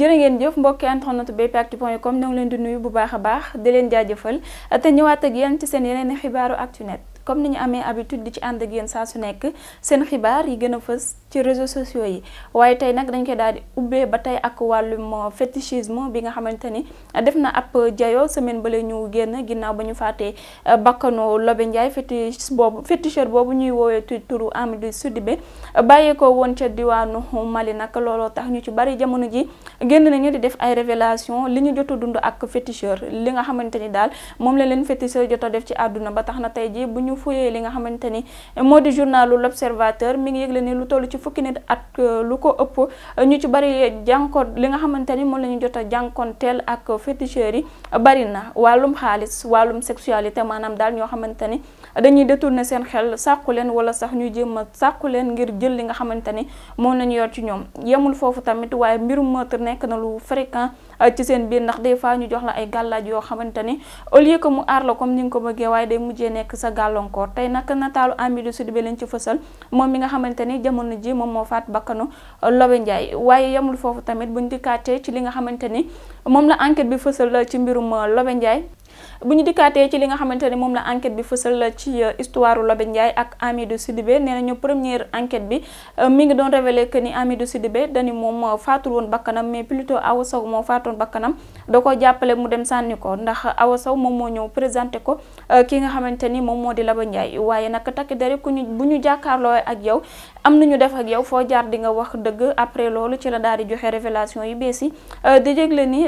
jërë ngeen jëf mbokki internet bpactu point comme ñoo ngi leen di nuyu bu baax a baax di leen jaajëfal te ñëwaat ak yéen ci seen yeneen xibaaru Actunet comme ni ñu amee habitude di ci ànd ak yéen saa su nekk seen xibaar yi gën a fës ci réseaux sociaux yi waaye tey nag dañ koy daal di ubbee ba tey ak wàllum euh, fétichisme bi nga xamante ni euh, def na ab jayo semaine ba bale ñu génn ginnaaw ba ñu faatee euh, bakkanu Lobe Ndiaye fétiche boobu féticheur boobu ñuy woowee tu turu Amidou Sidibé bàyyeekoo woon ca diwaanu Mali nag looloo tax ñu ci bari jamono ji génn nañu di def ay révélation li ñu jot a dund ak féticheur li nga xamante ni daal moom la leen féticheur jot a def ci àdduna ba tax na tey ji bu ñu fuyee li nga xamante ni moo di journalu l'observateur fukki nit ak euh, lu ko ëpp ñu ci bari jànkoon li nga xamante ni moom la ñu jot a jànkoonteel ak féticheurs yi bari na wàllum xaalis wàllum sexualité maanaam daal ñoo xamante ni dañuy détourner seen xel sàkku leen wala sax ñuy jéem a sàkku leen ngir jël li nga xamante ni moom la yor ci ñoom yemul foofu tamit waaye mbirum meurtre nekk na lu fréquent euh, seen biir ndax des fois ñu jox la ay gàllaaj yoo xamante ni au lieu que mu la comme ni nga ko bëggee waaye day mujjee nekk sa gàllankoor tey nag nataalu Hamidou Sidibé lañ ci fësal moom mi nga xamante ni ji ji moom moo faat bakkanu euh, Lobe Ndiaye waaye yemul foofu tamit buñ dikkaatee ci li nga xamante ni moom la enquête bi fësal euh, ci mbirum euh, Lobe Ndiaye bu ñu dikkaatee ci li nga xamante ne moom la enquête bi fësal ci euh, histoire Lobé Ndiaye ak Amidou Sidibé nee nañu première enquête bi euh, mi ngi doon révélé que ni Amidou Sidibé dañu moom euh, faatul woon bakkanam mais plutôt Awa Sow faatoon bakkanam da ko jàppale mu dem sànni ko ndax Awa Sow moom moo ñëw présenté ko ki nga xamante ni moom moo di Lobé Ndiaye waaye nag takk dere ku ñu bu ñu jàkkaarloo ak yow am nañu def ak yow foo jaar di nga wax dëgg après loolu ci la daal di joxe révélation yu bees yi di jégle ni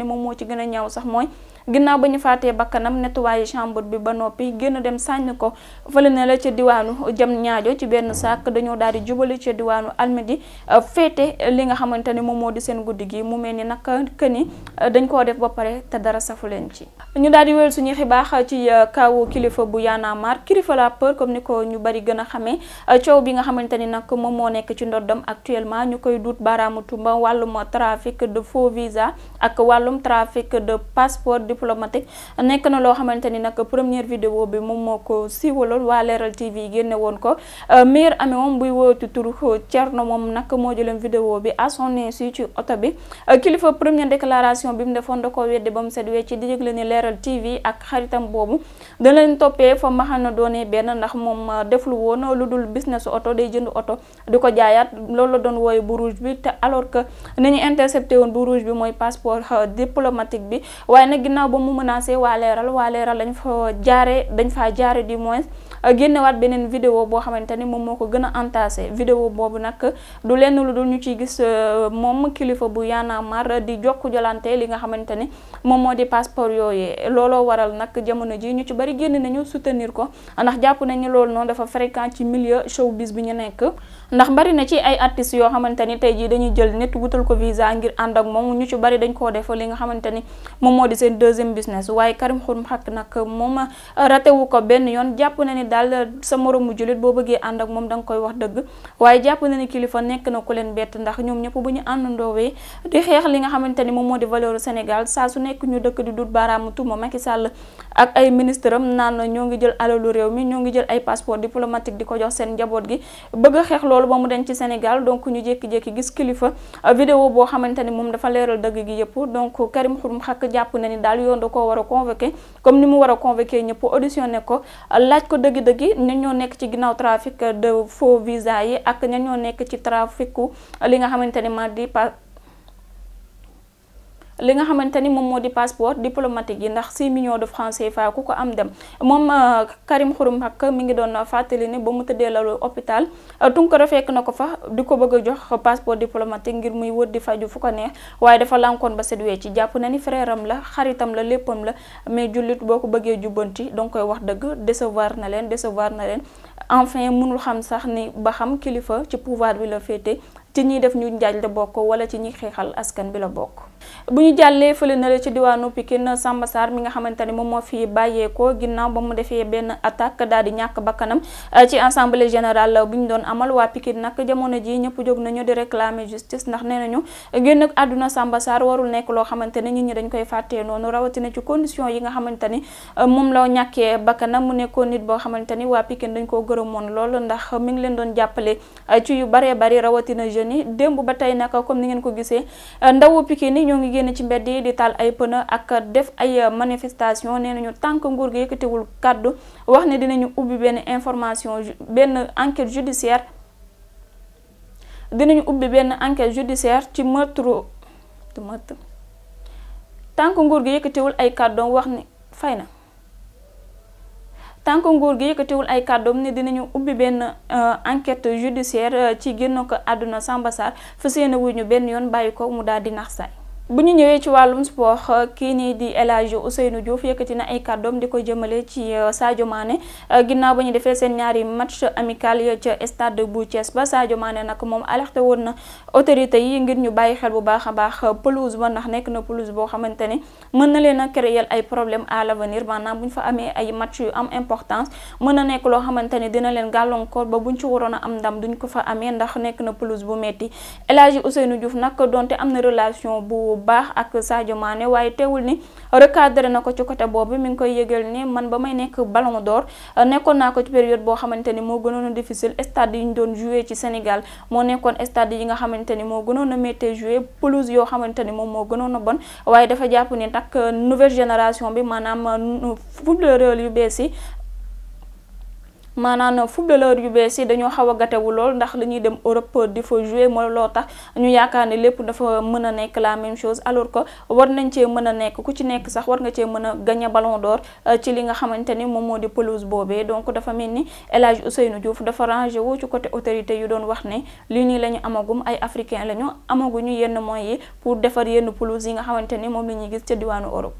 ni moom moo ci gën a ñaw sax mooy ginnaaw ba ñu faatee bakkanam nettoyé chambre bi ba noppi génn dem sànni ko fële ne la ca diwaanu jam ñaajo ci benn sàkk dañoo daal di jubali ca diwaanu almadi euh, féete li nga xamante ne moom moo di seen guddi gi mu mel ni nag que ni euh, dañ koo def ba pare te dara safu leen ci. ñu daal di wéyal suñuy xibaax ci euh, kaw kilifa bu Y'en a kilifa la peur comme ni ko ñu bari gën a xamee coow bi nga xamante ni nag moom moo nekk ci ndoddam actuellement ñu koy duut baaraamu tumba wàllum trafic de faux visa ak wàllum diplomatique nekk na loo xamante ni nag première vidéo bi moom moo ko siiwaloon waa Leral TV génne woon ko euh, maire amee moom buy wootu turu Thierno moom nag moo jëloon vidéo bi à son insu ci oto bi euh, kilifa première déclaration bi mu defoon da ko weddi ba mu set wecci di yëgle ni Leral TV ak xaritam boobu da leen toppee fa benn ndax moom deflu woon lu dul business oto day jënd oto di ko jaayaat loolu la doon wooye bu rouge bi te alors que nañu intercepté woon bu rouge bi mooy passeport euh, diplomatique bi waaye nag ginnaaw ba mu menacé waa leeral waa leeral dañ jaare dañ faa jaare du moins euh, génnewaat beneen vidéo boo xamante ni moom moo ko gën a entassé vidéo boobu nag du lenn lu dul ñu ciy gis euh, moom kilifa bu Y'en a di jokk jolante li nga xamante ni moom moo di passeport yooyee looloo waral nag jamono ji ñu ci bari génn nañu soutenir ko ndax jàpp nañu loolu noonu dafa fréquent ci milieu showbiz bi ñu nekk ndax bari na ci ay artistes yoo xamante ni tey jii dañuy jël nit wutal ko visa ngir ànd ak moom ñu dañ koo def li nga deuxième business waaye Karim Xrum Xax nag moom euh, ratewu ko benn yoon jàpp na ni daal euh, sa moromu jullit boo bëggee ànd na ni kilifa nekk na ku ñëpp bu ñu àndandoowee di xeex li nga xamante ni moom moo di valeur Sénégal saa su nekk ñu dëkk di dut baaraamu tuuma Macky Sall ak ay ministre am naan ñoo ngi jël alalu réew mi ñoo ngi jël ay passeport diplomatique di ko jox seen njaboot gi bëgg a xeex loolu ba mu dem ci Sénégal donc ñu jékki-jékki gis kilifa euh, vidéo boo xamante ni moom dafa leeral dëgg gi yëpp donc Karim Xrum Xax jàpp na ni daal daal yoon da koo war a convoqué comme ni mu war a convoqué ñëpp auditionné ko laaj ko dëgg-dëgg ña ñoo nekk ci ginnaaw trafic de faux visa yi ak ña ñoo nekk ci traficu li nga xamante ne ma pa li nga xamante ni moom moo di passeport diplomatique yi ndax 6 millions de francs CFA ku ko am dem moom euh, Karim Xurum Xaq mi ngi doon fàttali ne ba mu tëddee lalu hôpital euh, Tunkara fekk na ko fa di ko bëgg a jox passeport diplomatique ngir muy wër di faju fu ko neex waaye dafa lankoon ba set wecc ci jàpp na ni frère la xaritam la léppam la mais jullit boo ko bëggee jubbanti danga koy wax dëgg décevoir na leen décevoir na leen enfin mënul xam sax ni ba xam kilifa ci pouvoir bi la féete ci ñiy def ñu njaaj la wala ci ñi xeexal askan bi la bokk bu ñu jàllee fële na ci diwaanu Pikine Samba saar mi nga xamante ne moom moo fi bàyyeekoo ginnaaw ba mu defee benn attaque daal di ñàkk bakkanam euh, ci assemblée général bu ñu doon amal waa Pikine nag jamono ji ñëpp jóg nañu di réclamer justice ndax nee nañu génn àdduna Samba Sarr warul nekk loo xamante ne nit ñi dañ koy fàttee noonu rawatina ci condition yi nga xamante ni euh, moom la ñàkkee bakkanam mu nekkoon nit boo xamante ni waa Pikine dañ koo gërëmoon lool ndax mi ngi leen doon jàppale euh, ci yu baree bari rawatina jeunes yi démb ba tey nag comme ni ngeen ko gisee ñoo ngi génn ci mbedd yi di taal ay pneu ak def ay manifestation nee nañu tànk nguur gi yëkkatiwul kàddu wax ne dinañu ubbi benn information benn enquête judiciaire dinañu ubbi benn enquête judiciaire ci meurtre du tànk nguur gi ay kàddoom fay na tànk nguur gi yëkkatiwul ay kàddoom ne dinañu ubbi benn euh, enquête judiciaire euh, ci génn ko àdduna Samba Sarr fas yéene wuñu benn yoon bàyyi ko mu daal di nax saay bu ñu ñëwee ci wàllum sport euh, kii nii di El Hadji Ousseynou Diouf yëkkati na ay kàddoom di ko jëmale ci euh, Sadio Mané euh, ginnaaw ba ñu defee seen ñaari match amical ya ca stade bu Thiès ba Sadio Mané nag moom alerté woon na autorité yi ngir ñu bàyyi xel bu baax a baax pelouse ba ndax nekk na pelouse boo xamante ne mën na leen a créer ay problème à maanaam bu ñu fa amee ay match yu am importance mën na nekk loo xamante ne dina leen gàllankoor ba buñ ci waroon a am ndam duñ ko fa amee ndax nekk na pelouse bu metti El Hadji Ousseynou Diouf nag donte am na relation bu baax ak Sadio Mané waaye teewul ni recadré na ko ci côté boobu mi ngi koy yëgal ni man ba may nekk Ballon d'Or nekkoon naa ko ci période boo xamante ni moo gënoon a difficile stade yi ñu doon joué moo nekkoon stade yi xamante ni moo gënoon a métti joué pelouse yoo xamante ni moom moo gënoon a bon waaye dafa jàpp ni nag nouvelle génération bi maanaam footballeur yu bees yi maanaam footballeur yu bees yi dañoo xaw a gatewu lool ndax li ñuy dem Europe di fa jouer mooy loo tax ñu yaakaar ne lépp dafa mën a nekk la même chose alors que war nañ cee mën a nekk ku ci nekk sax war nga cee mën a gagné ballon d'or euh, ci li nga xamante ni moom moo di pelouse boobee donc dafa mel ni El Hadj Ousseynou Diouf dafa rangé wu ci côté autorité yu doon wax ne lii nii la ñu amagum ay africain la ñu amaguñu yenn moyens yi pour defar yenn pelouse yi nga xamante ni moom la ñuy gis ca diwaanu Europe.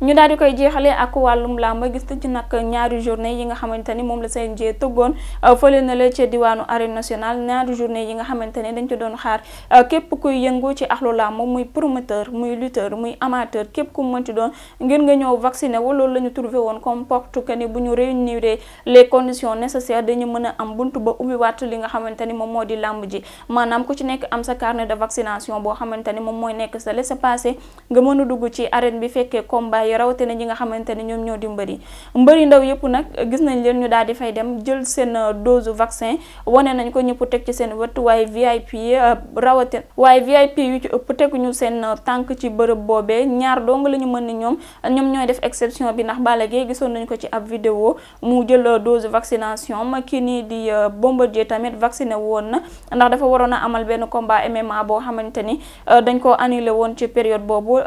ñu daal di koy jeexalee ak wàllum làmba gis nañ ci nag ñaari journée yi nga xamante ni moom la CNG tëggoon euh, fële na la ci diwaanu arène nationale ñaari journée yi nga xamante ne dañ ci doon xaar euh, képp kuy yëngu ci axlu làmb muy promoteur muy lutteur muy amateur képp ku mënti doon ngir nga ñëw vacciné wu loolu la ñu trouvé woon comme porte que ni bu ñu réunir les conditions nécessaires dañu mën a am bunt ba ubbiwaat li nga xamante ni moom moo di làmb ji maanaam ku ci nekk am sa carnet de vaccination boo xamante ni moom mooy nekk sa laissez-passer nga mën a dugg ci arène bi fekkee combat yi rawatina ñi nga xamante ne ñoom ñoo di mbër yi mbër yi ndaw yëpp nag gis nañ leen ñu daal di fay dem jël seen euh, dose vaccin wane nañ ko ñëpp teg ci seen wët waaye VIP euh, rawatina waaye VIP yu ci ëpp teguñu seen euh, tànk ci bërëb boobee ñaar dong la ñu mën ni ñoom ñoom ñooy def exception bi ndax Balla Gaye gisoon nañ ko ci ab vidéo mu jël dose vaccination ma ki nii di Bombardier tamit vacciné woon na ndax dafa waroon a amal benn combat MMA boo xamante ni dañ ko annulé woon ci période boobu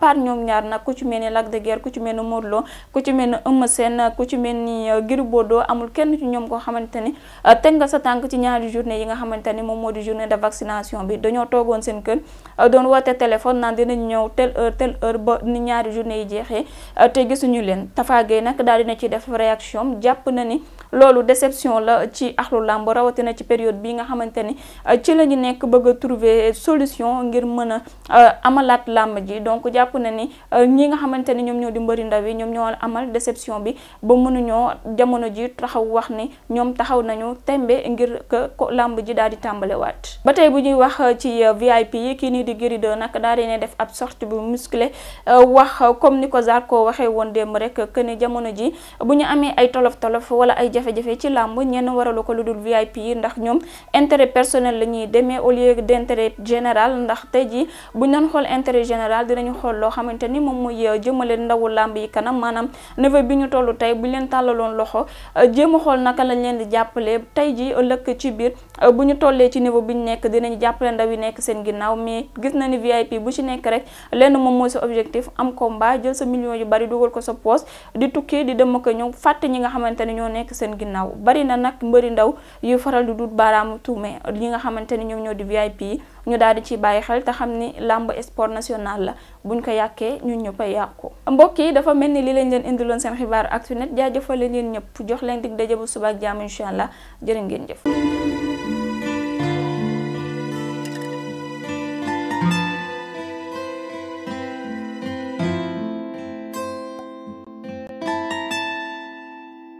à ñoom ñaar nag ku ci mel ni Lac de ku ci mel ni Modou Lo ku ci mel ni Eumeu Sène ku ci mel ni euh, Gris Bordeaux amul kenn ci ñoom koo xamante ni euh, teg nga sa tànk ci ñaari journée yi nga xamante ni moom moo di journée de vaccination bi dañoo toogoon seen kër euh, doon woote téléphone naan dinañ ñëw telle heure telle heure ba ni ñaari journée yi jeexee te gisuñu leen Tafa Gueye nag daal dina ci def réaction jàpp na ni loolu déception la ci axlu làmb rawatina ci période bi nga xamante ni ci la ñu nekk bëgg a solution ngir mën a làmb ji jàpp na ni euh, ñi nga xamante ni ñoom ñoo di mbëri ndaw yi ñoom ñoo amal déception bi ba mënuñoo jamono ji taxaw wax ni ñoom taxaw nañu tembe ngir ko làmb ji daal di tàmbalewaat ba tey bu ñuy wax euh, ci euh, VIP yi kii nii di Gris nag daal di ne def ab sortie bu musclé wax comme ni ko Zarko waxee woon démb rek que ni jamono ji bu ñu amee ay tolof tolof wala ay jafe-jafe ci làmb ñenn waralu ko lu dul VIP yi ndax ñoom intérêt personnel la ñuy demee au lieu d'intérêt général ndax tey ji bu ñu doon xool intérêt général dinañu doxal loo xamante ni moom muy euh, jëmale ndawu làmb yi kanam maanaam niveau bi ñu toll tey bu leen tàllaloon loxo euh, jéem a xool naka lañ leen di jàppale tey ji ëllëg ci biir euh, bu ñu tollee ci niveau bi ñu nekk dinañ jàppale ndaw yi nekk seen ginnaaw mais gis na ni VIP bu ci nekk rek lenn moom mooy sa objectif am ko combat jël sa millions yu bari dugal ko sa poos di tukki di dem ak ñëw fàtte ñi nga xamante ni ñoo nekk seen ginnaaw bari na nag mbëri ndaw yu faral di dut ni ñoo ñu daal di ci bàyyi xel te xam ni làmb sport national la buñ ko yàqee ñu ñëpp a yàqu mbokk yi dafa mel ni li lañ leen indiloon seen xibaaru Actunet jaajëfal leen ñëpp jox leen dig daje bu suba ak jàmm incha allah jërë ngeen jëf